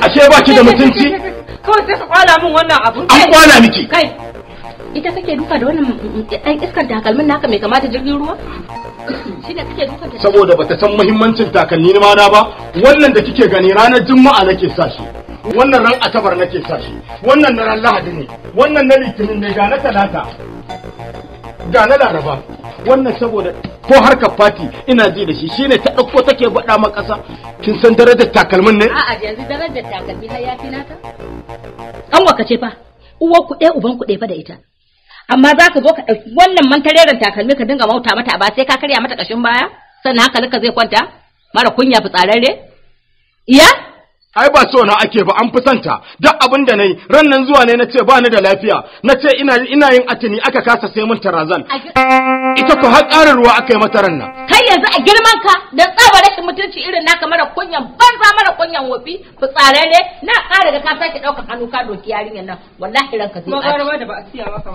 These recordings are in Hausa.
ashe ba ki da mutunci kawai sai ka kwala min wannan abu an kwala miki kai ita kake duka da wannan dan iskar takalmin naka mai kamata jirgin ruwa shine kake duka ta saboda bata san muhimmancin takalmi na mana ba wannan da kike gani ranar juma'a nake sa shi wannan ran asabar nake sa shi wannan na ran lahadi ne wannan na litinin ne ga na talata ga na laraba wannan saboda ko harkar fati ina ji da shi shine ta ɗauko take baɗa ma ƙasa kin san darajar takalmin ne a'a yanzu darajar takalmi har yafi naka an waka ce fa uwar ku ɗaya uban ku ɗaya fa da ita amma za ka zo ka ɗauki wannan mantareren takalmi ka dinga mauta mata ba sai ka karya mata ƙashin baya sannan haka zai kwanta mara kunya fitsararre iya ai ba so na ake ba an fi santa duk abin da nayi ran nan zuwa ne nace ba ni da lafiya nace ina ina yin atini aka kasa sai mun tarazan ita ko har ƙarin ruwa aka mata ran nan kai yanzu a girman ka da tsaba rashin mutunci irin naka mara kunyan banza mara kunyan wofi tsare ne na ƙara da ka sake ɗaukar hannu ka doki yarinyar nan wallahi ranka zai ba da ba siya maka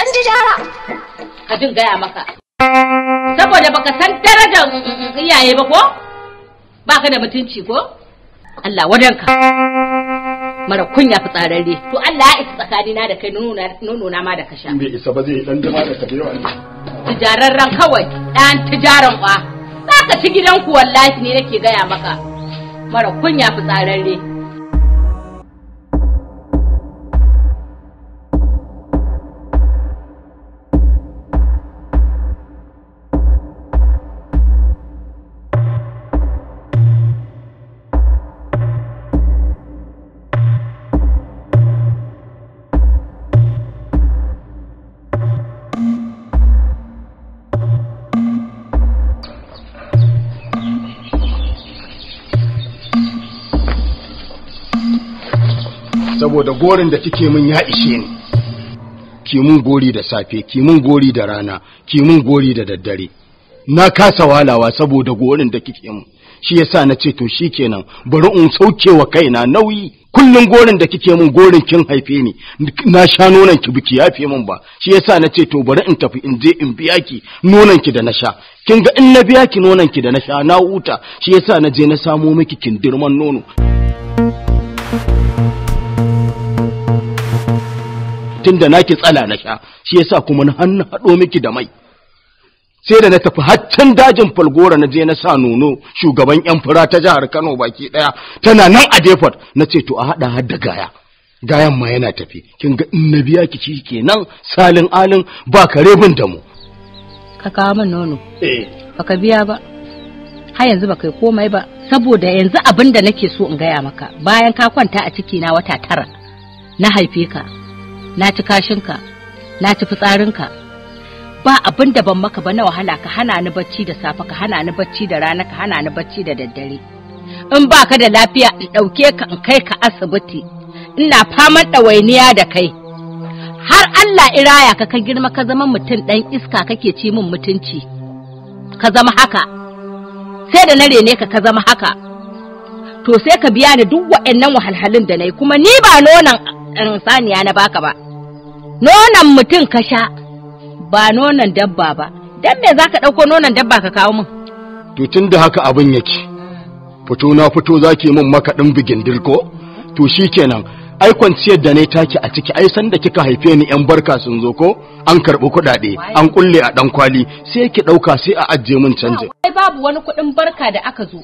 an ji jara ka jin gaya maka saboda baka san darajar iyaye ba ko baka da mutunci ko Allah wajenka mara kunya fitsararre to Allah ya isa tsakanina da kai nono na ma da kasha bai isa ba zai dan jama da kabewa ran kawai 'dan tijaran ba za ka ci ku wallahi ne nake gaya maka mara kunya fitsararre saboda gorin da kike min ya ishe ni ki mun gori da safe ki mun gori da rana ki mun gori da daddare na kasa walawa saboda gorin da kike min shi yasa na ce to shikenan bari in sauke wa kaina nauyi kullum gorin da kike min gorin kin haife ni na sha nonan ki biki yafe min ba shi yasa na ce to bari in tafi in je in biya ki nonan ki da na sha kin ga in na biya ki nonon ki da na sha na huta shi yasa na je na samo miki kindirman nono tunda naki tsala na sha shi yasa kuma na hannu haɗo miki da mai sai da na tafi haccin dajin falgora na je na sa nono shugaban yan fura ta jihar Kano baki ɗaya. tana nan a Deport na ce to a hada hadda gaya gayan ma yana tafi kin ga in na biya ki ke nan, salin alin ba kare bin da mu ka kawo min nono eh. baka biya ba har yanzu baka yi komai ba saboda yanzu abin da nake so in gaya maka bayan ka kwanta a ciki na wata tara na haife ka na ci kashinka na ci fitsarinka ba abin da ban maka ba na wahala ka hana ni bacci da safe ka hana ni bacci da rana ka hana ni bacci da daddare in ba ka da lafiya in ɗauke ka in kai ka asibiti ina faman ɗawainiya da kai har Allah iraya ka ka girma ka zama mutum ɗan iska kake ci min mutunci ka zama haka sai da na rene ka ka zama haka to sai ka biya ni duk waɗannan wahalhalun da na yi kuma ni ba nonon eh, saniya na baka ba nonon mutum ka sha ba nonon dabba ba dan me zaka ɗauko nonon dabba ka kawo min to tunda da haka abin yake fito na fito zaki min makaɗin bigin ko to shikenan ai kwanciyar da ne taki a ciki ai san da kika haife ni yan barka sun zo ko an karɓi kuɗaɗe an kulle a ɗan kwali sai ki ɗauka sai a ajiye min canje. ai babu wani kuɗin barka da aka zo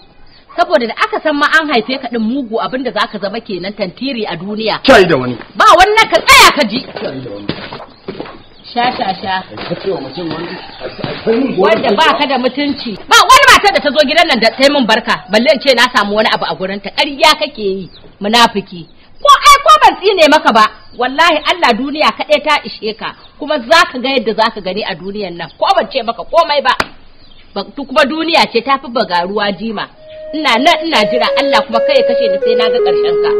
saboda da aka san ma an haife ka din mugu abinda zaka zama kenan tantiri a duniya kai da wani ba wannan ka tsaya ka ji sha wanda ba ka da mutunci ba wani matar da ta zo gidan nan da ta min barka balle in ce na samu wani abu a gurin ta ƙarya kake yi munafiki ko ai ko ban tsine maka ba wallahi Allah duniya kaɗai ta ishe ka kuma ka ga yadda zaka gani a duniyan nan ko ban ce maka komai ba kuma duniya ce ta fi bagaruwa jima ina nan ina jira Allah kuma kai ya kashe ni sai na ga ƙarshen ka